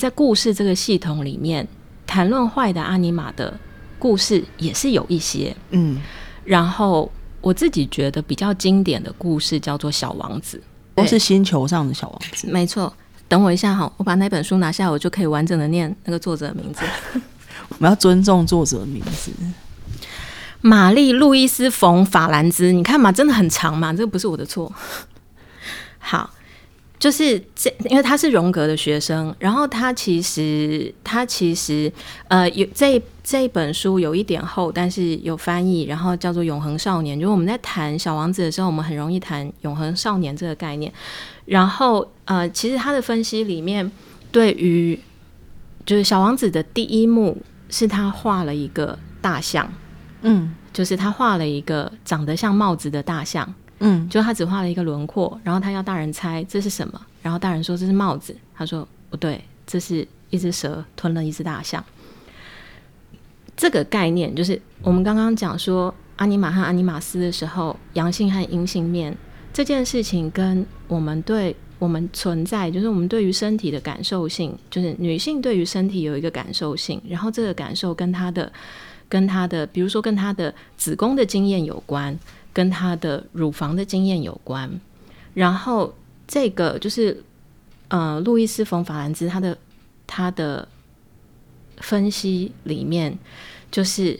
在故事這個系統裡面，談論壞的阿尼瑪的故事也是有一些，嗯，然後我自己覺得比較經典的故事叫做《小王子》，都、哦、是星球上的小王子。沒錯，等我一下哈，我把那本書拿下，我就可以完整的念那個作者的名字。 我們要尊重作者的名字，瑪麗·路易斯·馮·法蘭茲。你看嘛，真的很長嘛，這個不是我的錯。好。就是這，因為他是榮格的學生，然後他其實他其實呃有這一這一本書有一點厚，但是有翻譯，然後叫做《永恆少年》。就我們在談《小王子》的時候，我們很容易談“永恆少年”這個概念。然後呃，其實他的分析裡面，對於就是《小王子》的第一幕是他畫了一個大象，嗯，就是他畫了一個長得像帽子的大象。嗯，就他只畫了一個輪廓，然後他要大人猜這是什麼，然後大人說這是帽子，他說不對，這是一隻蛇吞了一隻大象。這個概念就是我們剛剛講說阿尼瑪和阿尼瑪斯的時候，陽性和陰性面這件事情，跟我們對我們存在，就是我們對於身體的感受性，就是女性對於身體有一個感受性，然後這個感受跟她的。跟他的，比如說跟他的子宮的經驗有關，跟他的乳房的經驗有關，然後這個就是，呃，路易斯·馮·法蘭茲他的他的分析裡面，就是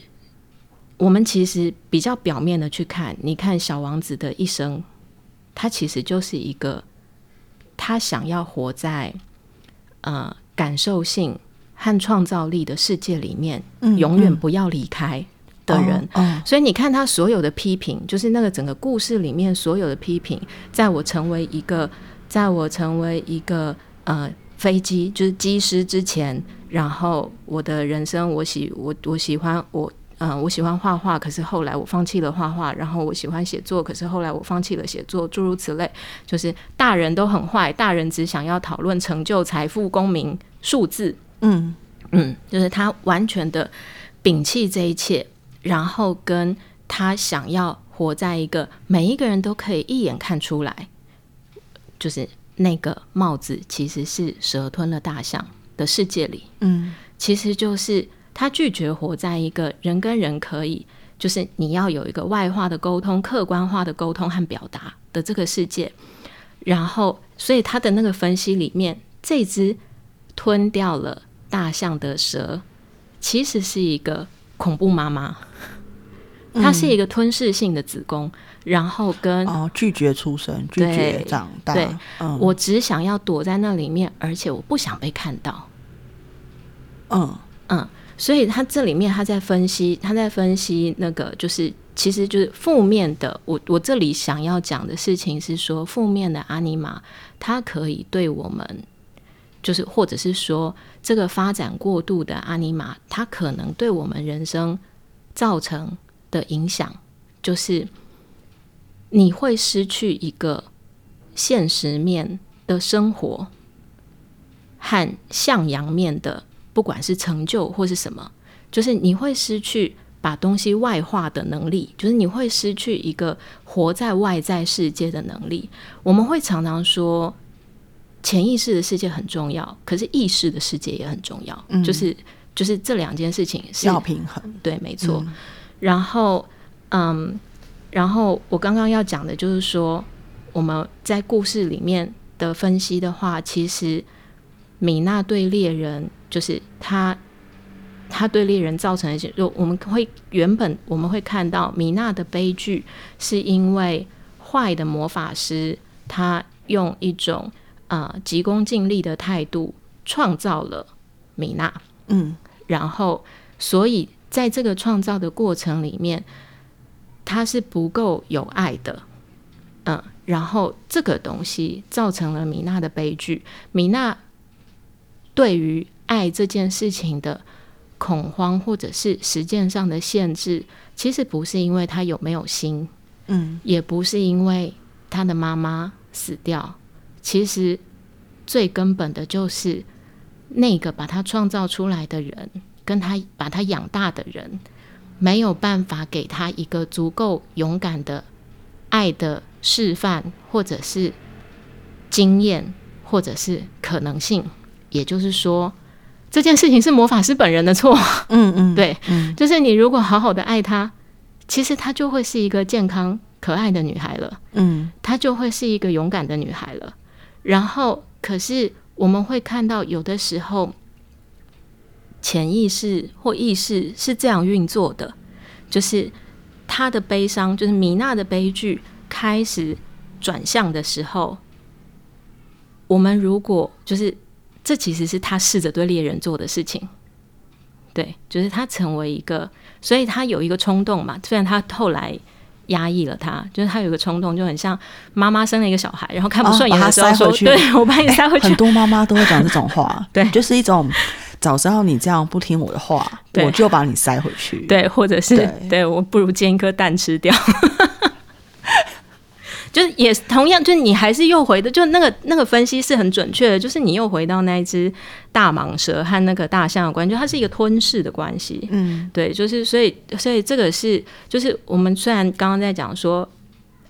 我們其實比較表面的去看，你看小王子的一生，他其實就是一個他想要活在呃感受性。和創造力的世界裡面，永遠不要離開的人，嗯嗯。所以你看他所有的批評，就是那個整個故事裡面所有的批評。在我成為一個，在我成為一個呃飛機就是機師之前，然後我的人生我，我喜我我喜歡我嗯，我喜歡畫畫、呃，可是後來我放棄了畫畫，然後我喜歡寫作，可是後來我放棄了寫作，諸如此類。就是大人都很壞，大人只想要討論成就、財富、功名、數字，嗯。嗯，就是他完全的摒棄這一切，然後跟他想要活在一個每一個人都可以一眼看出來，就是那個帽子其實是蛇吞了大象的世界裡。嗯，其實就是他拒絕活在一個人跟人可以，就是你要有一個外化的溝通、客觀化的溝通和表達的這個世界。然後，所以他的那個分析裡面，這隻吞掉了。大象的蛇其實是一個恐怖媽媽，嗯，它是一個吞噬性的子宮，然後跟、哦、拒絕出生、拒絕長大。對、嗯，我只想要躲在那裡面，而且我不想被看到。嗯嗯，所以他這裡面他在分析，他在分析那個就是，其實就是負面的。我我這裡想要講的事情是說，負面的阿尼瑪它可以對我們。就是，或者是說，這個發展過度的阿尼瑪，它可能對我們人生造成的影響，就是你會失去一個現實面的生活和向陽面的，不管是成就或是什麼，就是你會失去把東西外化的能力，就是你會失去一個活在外在世界的能力。我們會常常說，潛意識的世界很重要，可是意識的世界也很重要，嗯、就是就是這兩件事情是要平衡，對，沒錯，嗯。然後，嗯，然後我剛剛要講的就是說，我們在故事裡面的分析的話，其實米娜對獵人，就是他，他對獵人造成一些，就我們會原本我們會看到米娜的悲劇，是因為壞的魔法師他用一種。啊、呃，急功近利的態度創造了米娜，嗯，然後，所以在這個創造的過程裡面，他是不夠有愛的，嗯、呃，然後這個東西造成了米娜的悲劇。米娜對於愛這件事情的恐慌，或者是實踐上的限制，其實不是因為他有沒有心，嗯，也不是因為他的媽媽死掉。其實最根本的就是那個把他創造出來的人，跟他把他養大的人，沒有辦法給他一個足夠勇敢的愛的示範，或者是經驗，或者是可能性。也就是說，這件事情是魔法師本人的錯。嗯嗯，對嗯，就是你如果好好的愛他，其實他就會是一個健康可愛的女孩了。嗯，她就會是一個勇敢的女孩了。然後，可是我們會看到，有的時候潛意識或意識是這樣運作的，就是他的悲傷，就是米娜的悲劇開始轉向的時候，我們如果就是這其實是他試着對獵人做的事情，對，就是他成為一個，所以他有一個衝動嘛，雖然他後來。壓抑了他，就是他有個衝動，就很像媽媽生了一個小孩，然後看不順眼、啊、把他塞回去。對，我把你塞回去。欸，很多媽媽都會講這種話， 對，就是一種早知道你這樣不聽我的話，我就把你塞回去。對，或者是，對，我不如煎一顆蛋吃掉。 就是也是同樣，就你還是又回的，就那個那個分析是很準確的。就是你又回到那一只大蟒蛇和那個大象的關係，就它是一個吞噬的關係。嗯，對，就是所以所以這個是，就是我們雖然剛剛在講說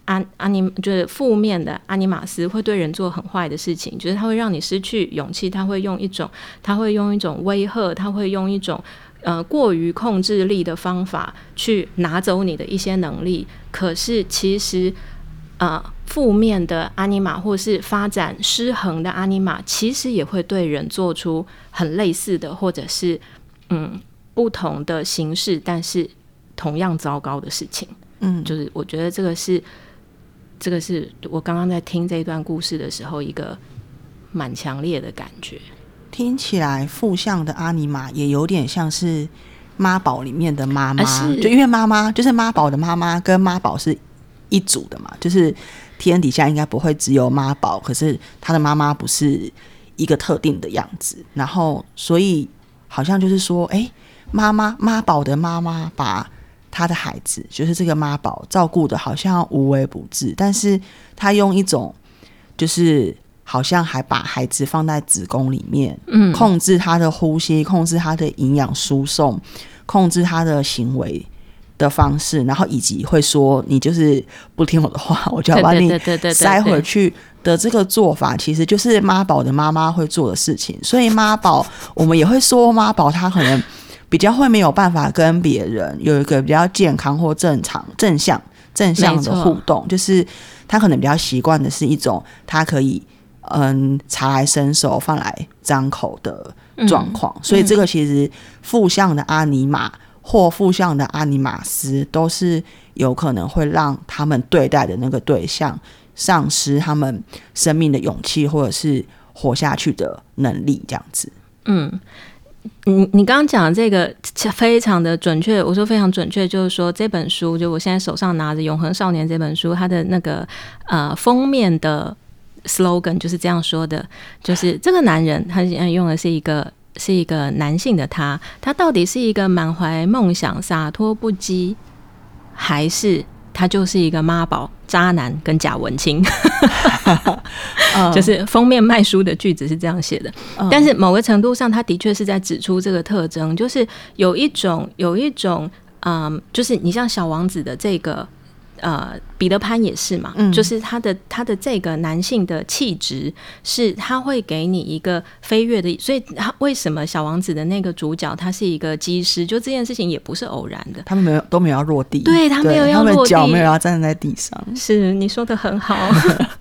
阿阿尼就是負面的阿尼瑪斯會對人做很壞的事情，就是它會讓你失去勇氣，它會用一種它會用一種威嚇，它會用一種呃過於控制力的方法去拿走你的一些能力。可是其實。呃，負面的阿尼瑪，或是發展失衡的阿尼瑪，其實也會對人做出很類似的，或者是嗯不同的形式，但是同樣糟糕的事情。嗯，就是我覺得這個是，這個是我剛剛在聽這一段故事的時候一個蠻強烈的感覺。聽起來，負向的阿尼瑪也有點像是媽寶裡面的媽媽，啊，就因為媽媽就是媽寶的媽媽，跟媽寶是。一組的嘛，就是天底下應該不會只有媽寶，可是他的媽媽不是一個特定的樣子，然後所以好像就是說，哎、欸，媽媽媽寶的媽媽把他的孩子，就是這個媽寶照顧得好像無微不至，但是他用一種就是好像還把孩子放在子宮裡面，嗯，控制他的呼吸，控制他的營養輸送，控制他的行為的方式，然後以及會說你就是不聽我的話，我就要把你塞回去的這個做法，對對對對對。其實就是媽寶的媽媽會做的事情。所以媽寶， 我們也會說媽寶，他可能比較會沒有辦法跟別人有一個比較健康或正常正向正向的互動，就是他可能比較習慣的是一種他可以嗯，茶來伸手，飯來張口的狀況，嗯。所以這個其實負向的阿尼瑪。或負向的阿尼瑪斯，都是有可能會讓他們對待的那個對象喪失他們生命的勇氣，或者是活下去的能力，這樣子。嗯，你你剛剛講的這個非常的準確，我說非常準確，就是說這本書，就我現在手上拿着《永恆少年》這本書，它的那個呃封面的 slogan 就是這樣說的，就是這個男人，他現在用的是一個。是一個男性的他，他到底是一個滿懷夢想、灑脫不羈，還是他就是一個媽寶渣男跟假文青？ 就是封面賣書的句子是這樣寫的，但是某個程度上，他的確是在指出這個特徵，就是有一種有一種，嗯，就是你像小王子的這個。呃，彼得潘也是嘛，嗯，就是他的他的這個男性的氣質是他會給你一個飛躍的，所以他為什麼小王子的那個主角他是一個機師，就這件事情也不是偶然的，他們沒有都沒有要落地，對他沒有要落地，腳沒有要站在地上，是你說的很好。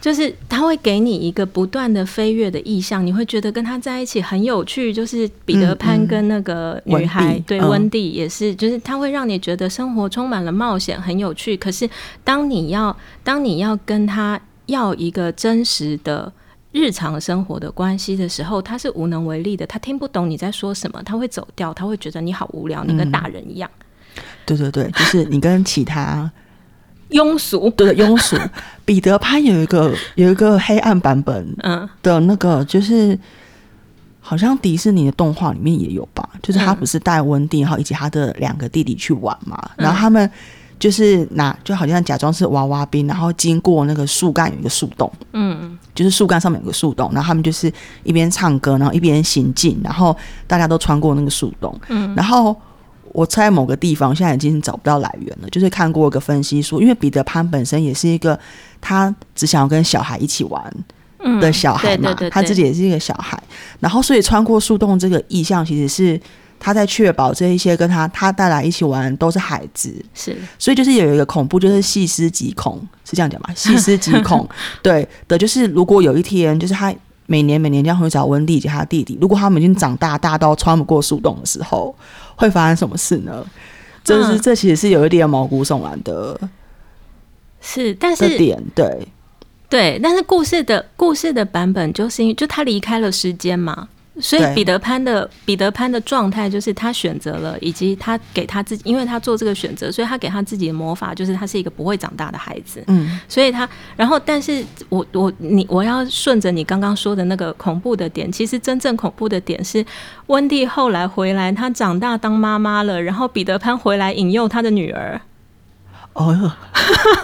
就是他會給你一個不斷的飛躍的意象，你會覺得跟他在一起很有趣。就是彼得潘跟那個女孩、嗯嗯、對、溫、嗯、蒂也是，就是他會讓你覺得生活充滿了冒險，很有趣。可是當你要當你要跟他要一個真實的日常生活的關係的時候，他是無能為力的，他聽不懂你在說什麼，他會走掉，他會覺得你好無聊，你跟大人一樣。嗯、對對對，就是你跟其他。 庸俗，對庸俗。 彼得潘有一個有一個黑暗版本，那個，嗯，的那個就是好像迪士尼的動畫裡面也有吧，就是他不是帶溫蒂哈以及他的兩個弟弟去玩嘛，然後他們就是拿就好像假裝是娃娃兵，然後經過那個樹幹有一個樹洞，嗯，就是樹幹上面有個樹洞，然後他們就是一邊唱歌，然後一邊行進，然後大家都穿過那個樹洞，嗯，然後。我在某個地方現在已經找不到來源了，就是看過一個分析說，因為彼得潘本身也是一個他只想要跟小孩一起玩的小孩嘛、嗯，他自己也是一個小孩，然後所以穿過樹洞這個意象其實是他在確保這一些跟他他帶來一起玩都是孩子，是，所以就是有一個恐怖，就是細思極恐，是這樣講嗎？細思極恐， 對的，就是如果有一天，就是他。每年每年這樣哄小溫蒂及他弟弟，如果他們已經長大大到穿不過樹洞的時候，會發生什麼事呢？嗯、就是這其實是有一點毛骨悚然的，是，但是這點對對，但是故事的故事的版本就是因為就他離開了時間嘛。所以彼得潘的彼得潘的狀態就是他選擇了，以及他給他自己，因為他做這個選擇，所以他給他自己的魔法就是他是一個不會長大的孩子。嗯，所以他然後，但是我我你我要順着你剛剛說的那個恐怖的點，其實真正恐怖的點是溫蒂後來回來，他長大當媽媽了，然後彼得潘回來引誘他的女兒。哦，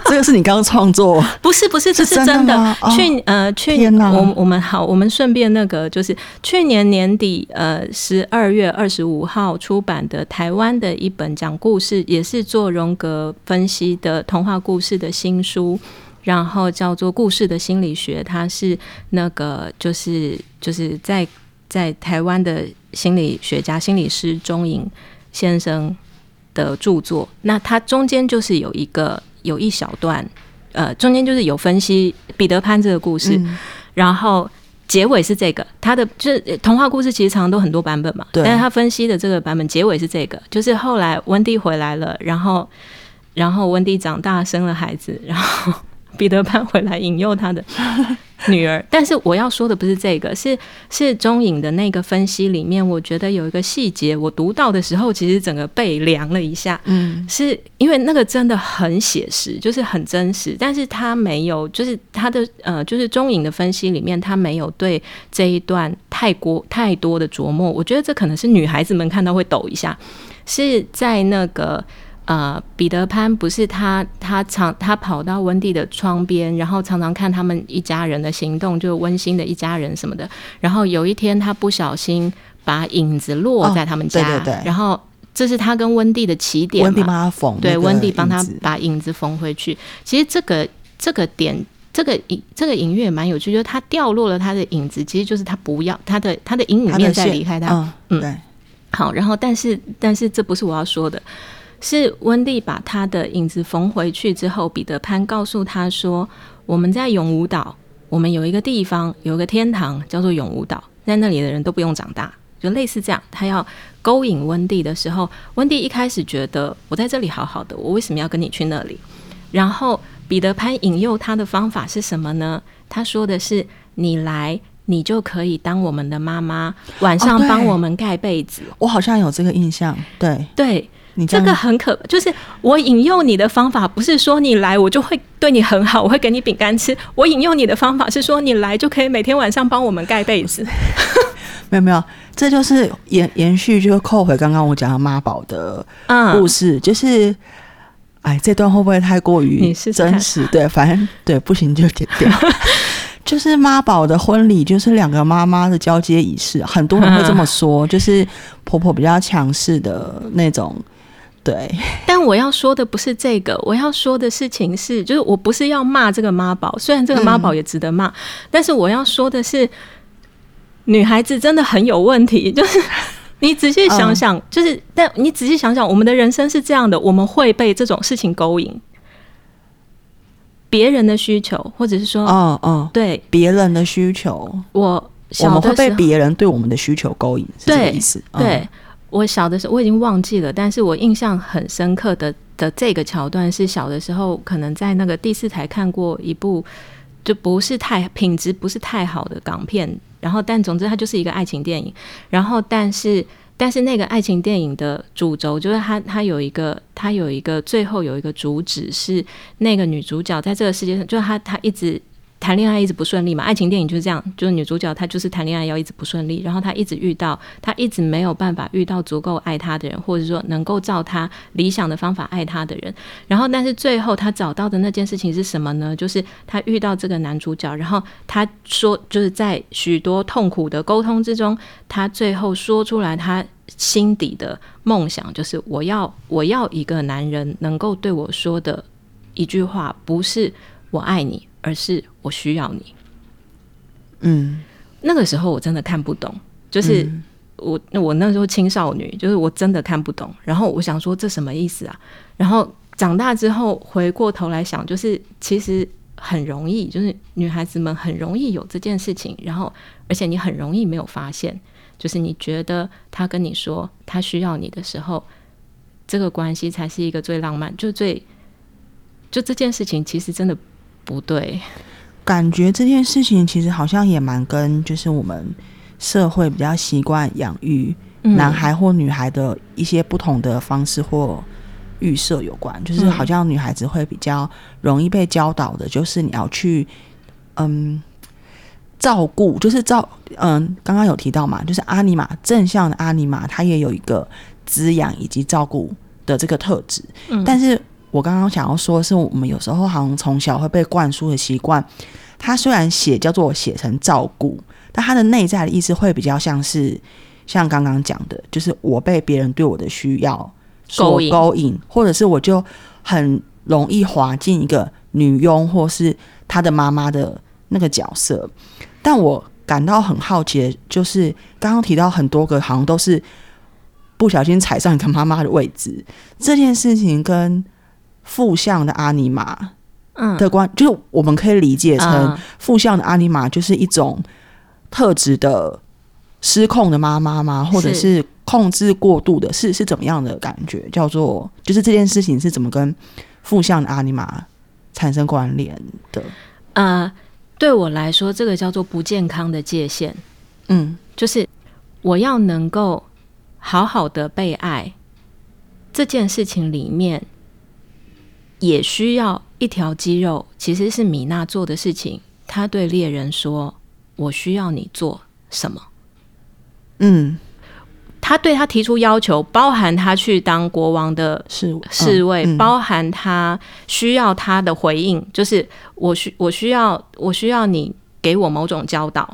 這個是你剛剛創作？ 不是不是，不是，這是真的。去、哦、呃，去年、啊、我我們好，我們順便那個，就是去年年底呃十二月二十五號出版的台灣的一本講故事，也是做榮格分析的童話故事的新書，然後叫做《故事的心理學》，它是那個就是就是在在台灣的心理學家、心理師鐘穎先生。的著作，那它中間就是有一個有一小段，呃，中間就是有分析彼得潘這個故事，嗯、然後結尾是這個，他的就是童話故事其實常常都很多版本嘛，但是他分析的這個版本結尾是這個，就是後來溫蒂回來了，然後然後溫蒂長大生了孩子，然後。彼得潘回來引誘他的女兒， 但是我要說的不是這個，是是鐘穎的那個分析裡面，我覺得有一個細節，我讀到的時候其實整個背涼了一下，嗯，是因為那個真的很寫實，就是很真實，但是他沒有，就是他的呃，就是鐘穎的分析裡面，他沒有對這一段太過太多的琢磨，我覺得這可能是女孩子們看到會抖一下，是在那個。呃，彼得潘不是他，他常他跑到溫蒂的窗邊，然後常常看他們一家人的行動，就溫馨的一家人什麼的。然後有一天，他不小心把影子落在他們家，哦、對對對。然後這是他跟溫蒂的起點嘛？對，溫蒂幫他把影子縫回去。其實這個這個點，這個影這個音樂也蠻有趣，就是他掉落了他的影子，其實就是他不要他的他的陰影面在離開他，他嗯。嗯，對。好，然後但是但是這不是我要說的。是溫蒂把他的影子縫回去之後，彼得潘告訴他說：“我們在永無島，我們有一個地方，有一個天堂，叫做永無島，在那裡的人都不用長大。”就類似這樣，他要勾引溫蒂的時候，溫蒂一開始覺得：“我在這裡好好的，我為什麼要跟你去那裡？”然後彼得潘引誘他的方法是什麼呢？他說的是：“你來，你就可以當我們的媽媽，晚上幫我們蓋被子。”哦，我好像有這個印象。對對。這,這個很可，就是我引誘你的方法不是說你來我就會對你很好，我會給你餅乾吃。我引誘你的方法是說你來就可以每天晚上幫我們蓋被子。 沒有沒有，這就是延延續就扣回剛剛我講的媽寶的故事，嗯、就是哎，這段會不會太過於真實？試試對，反正對，不行就剪掉。 就是媽寶的婚禮，就是兩個媽媽的交接儀式，很多人會這麼說，嗯、就是婆婆比較強勢的那種。對，但我要說的不是這個，我要說的事情是，就是我不是要罵這個媽寶，雖然這個媽寶也值得罵，嗯，但是我要說的是，女孩子真的很有問題。就是你仔細想想，嗯、就是但你仔細想想，我們的人生是這樣的，我們會被這種事情勾引，別人的需求，或者是說，哦、嗯、哦、嗯，對，別人的需求，我我們會被別人對我們的需求勾引，是這個意思，對。嗯對我小的時候我已經忘記了，但是我印象很深刻的的這個橋段是，小的時候可能在那個第四台看過一部就不是太品質不是太好的港片，然後但總之它就是一個愛情電影，然後但是但是那個愛情電影的主軸就是它它有一個它有一個最後有一個主旨是，那個女主角在這個世界上就是她她一直。談戀愛一直不順利嘛，愛情電影就是這樣，就是女主角她就是談戀愛要一直不順利，然後她一直遇到，她一直沒有辦法遇到足夠愛她的人，或者說能夠照她理想的方法愛她的人。然後但是最後她找到的那件事情是什麼呢？就是她遇到這個男主角，然後她說，就是在許多痛苦的溝通之中，她最後說出來她心底的夢想，就是我要，我要一個男人能夠對我說的一句話，不是我愛你。而是我需要你，嗯，那個時候我真的看不懂，就是我我那時候青少女，就是我真的看不懂。然後我想說這什麼意思啊？然後長大之後回過頭來想，就是其實很容易，就是女孩子們很容易有這件事情，然後而且你很容易沒有發現，就是你覺得他跟你說他需要你的時候，這個關係才是一個最浪漫，就最就這件事情其實真的。不對，感覺這件事情其實好像也蠻跟就是我們社會比較習慣養育男孩或女孩的一些不同的方式或預設有關、嗯，就是好像女孩子會比較容易被教導的，就是你要去嗯照顧，就是照嗯剛剛有提到嘛，就是阿尼瑪正向的阿尼瑪，它也有一個滋養以及照顧的這個特質、嗯，但是。我剛剛想要說的是我們有時候好像從小會被灌輸的習慣。他雖然寫叫做我寫成照顧，但他的內在的意思會比較像是像剛剛講的，就是我被別人對我的需要所勾引勾引，或者是我就很容易滑進一個女傭或是她的媽媽的那個角色。但我感到很好奇的，就是剛剛提到很多個好像都是不小心踩上一個媽媽的位置這件事情跟。負向的阿尼瑪的關，嗯，就是我們可以理解成負向的阿尼瑪，就是一種特質的失控的媽媽嗎？或者是控制過度的？是是怎麼樣的感覺？叫做就是這件事情是怎麼跟負向的阿尼瑪產生關聯的？呃，對我來說，這個叫做不健康的界限。嗯，就是我要能夠好好的被愛這件事情裡面。也需要一條肌肉，其實是米娜做的事情。他對獵人說：“我需要你做什麼？”嗯，他對他提出要求，包含他去當國王的侍侍衛，嗯，包含他需要他的回應，嗯，就是我需我需要我需要你給我某種教導，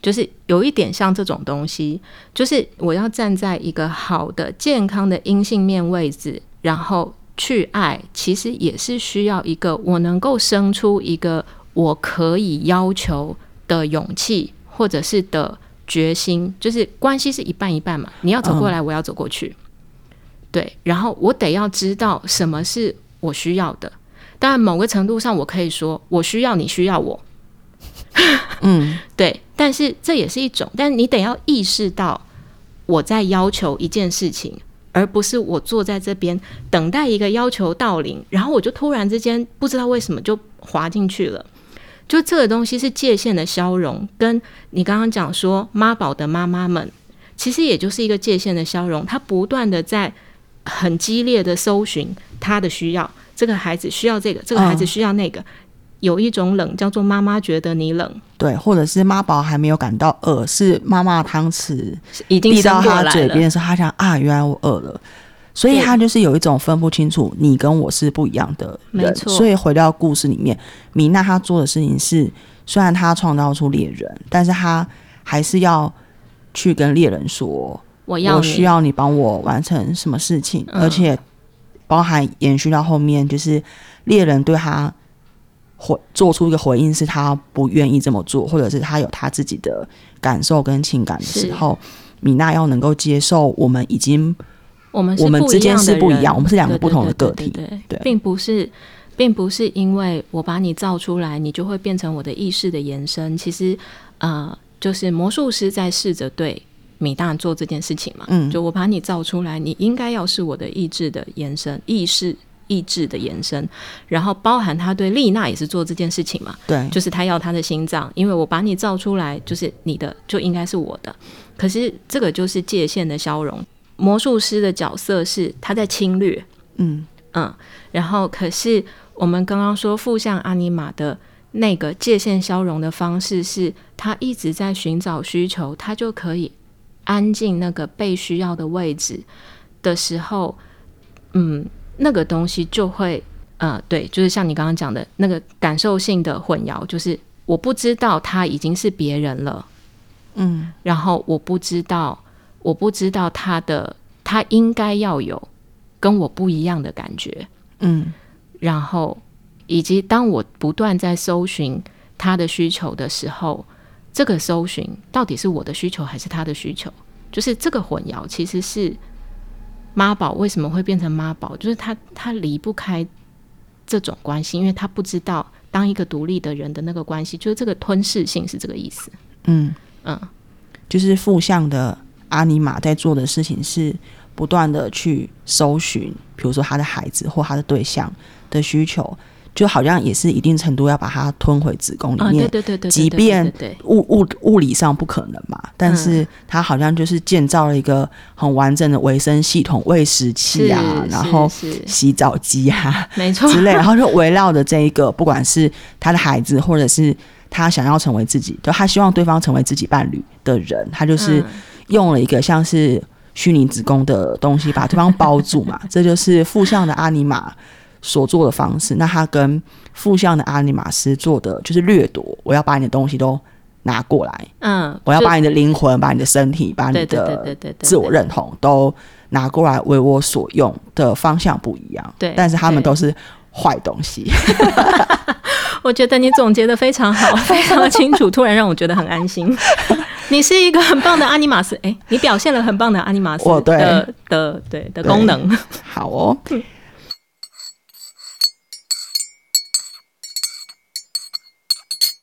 就是有一點像這種東西，就是我要站在一個好的、健康的陰性面位置，然後。去愛，其實也是需要一個我能夠生出一個我可以要求的勇氣，或者是的決心。就是關係是一半一半嘛，你要走過來，我要走過去。Oh. 對，然後我得要知道什麼是我需要的。當然，某個程度上，我可以說我需要，你需要我。嗯、 mm.，對。但是這也是一種，但你得要意識到我在要求一件事情。而不是我坐在這邊等待一個要求到臨，然後我就突然之間不知道為什麼就滑進去了。就這個東西是界限的消融，跟你剛剛講說媽寶的媽媽們，其實也就是一個界限的消融，她不斷的在很激烈的搜尋她的需要，這個孩子需要這個，這個孩子需要那個。Oh. 有一種冷叫做媽媽覺得你冷，對，或者是媽寶還沒有感到餓，是媽媽的湯匙已經遞到他嘴邊的時候，他想啊，原來我餓了，所以他就是有一種分不清楚你跟我是不一樣的，沒錯。所以回到故事裡面，米娜她做的事情是，雖然她創造出獵人，但是她還是要去跟獵人說，我要，我需要你幫我完成什麼事情，嗯，而且包含延續到後面，就是獵人對他做出一個回應，是他不願意這麼做，或者是他有他自己的感受跟情感的時候，米娜要能夠接受我們已經我們我們之間是不一樣，對對對對對，我們是兩個不同的個體，對，對，對，對，對，對，並不是，並不是因為我把你造出來，你就會變成我的意識的延伸。其實，啊、呃，就是魔術師在試着對米娜做這件事情嘛，嗯，就我把你造出來，你應該要是我的意志的延伸，意識。意志的延伸，然後包含他對麗娜也是做這件事情嘛。對，就是他要他的心臟，因為我把你造出來，就是你的就應該是我的。可是這個就是界限的消融，魔術師的角色是他在侵略，嗯嗯。然後可是我們剛剛說負向阿尼瑪的那個界限消融的方式是，他一直在尋找需求，他就可以安靜那個被需要的位置的時候，嗯。那個東西就會，呃，對，就是像你剛剛講的那個感受性的混淆，就是我不知道他已經是別人了，嗯，然後我不知道，我不知道他的他應該要有跟我不一樣的感覺，嗯，然後以及當我不斷在搜尋他的需求的時候，這個搜尋到底是我的需求還是他的需求？就是這個混淆其實是。媽寶為什麼會變成媽寶？就是他他離不開這種關係，因為他不知道當一個獨立的人的那個關係，就是這個吞噬性是這個意思。嗯嗯，就是負向的阿尼瑪在做的事情是不斷的去搜尋，比如說他的孩子或他的對象的需求。就好像也是一定程度要把它吞回子宮裡面。哦，對對對對，對，即便物物物理上不可能嘛，但是他好像就是建造了一個很完整的維生系統，餵食器啊，然後洗澡機啊，沒錯，之類的，然後就圍繞着這一個，不管是他的孩子，或者是他想要成為自己，就他希望對方成為自己伴侶的人，他就是用了一個像是虛擬子宮的東西把對方包住嘛， 這就是負向的阿尼瑪。所做的方式，那他跟負向的阿尼瑪斯做的就是掠奪，我要把你的東西都拿過來，嗯，我要把你的靈魂、把你的身體、把你的自我認同都拿過來為我所用的方向不一樣，對，對，但是他們都是壞東西。 我覺得你總結得非常好，非常的清楚，突然讓我覺得很安心。 你是一個很棒的阿尼瑪斯，哎，你表現了很棒的阿尼瑪斯的我對的，的對的功能，好哦。嗯